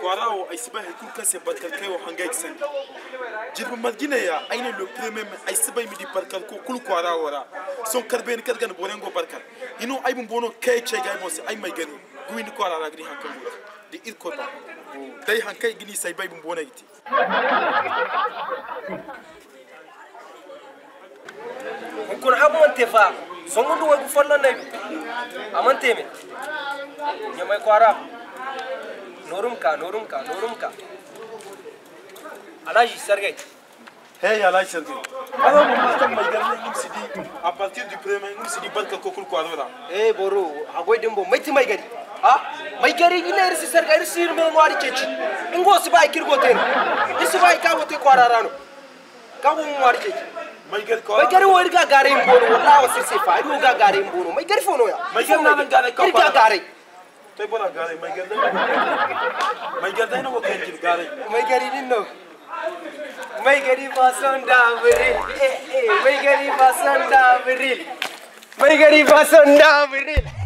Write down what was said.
Quarao ay sabay kulkaasi badkalkay oo hangaysan jirba madginaya ayna lo premium ay sabay midi barkalku kul Quarao wara son karbeen kadgan borengo barkal inu ay bumbono kay chegay mos ay may gani guin Quarao agri hankay di irkota day hankay gini saybay bumbono giti kun amante fa songu duwa ku fallana amante me nyamay Quarao Norumka, Norumka, Norumka. Alaji, Sergei. Hey, Alaji, Sergei. Alors, mon master, ma gare, nous s'est dit, à partir du premier, nous s'est dit, banque kokul quoi, là. Hey, Boro, à quoi d'un bon, mettez ma gare. Ah, ma gare, il est resté, Sergei, il s'est remis noir, il s'est Ingo se vai kirgo ten. Isi vai ka wote kwararano. Ka wo mu warke. Mai gar ka. Mai gar wo irga gare mbono wallahi wasi o Irga gare mbono. Mai gar fono ya. Mai gar na Irga gare. Mai bună gare, mai gândeai? Mai gândeai nu mă cântim gare? Mai gări din nou. Mai gări pasând avril. Eh, eh, mai gări pasând avril. Mai gări pasând avril.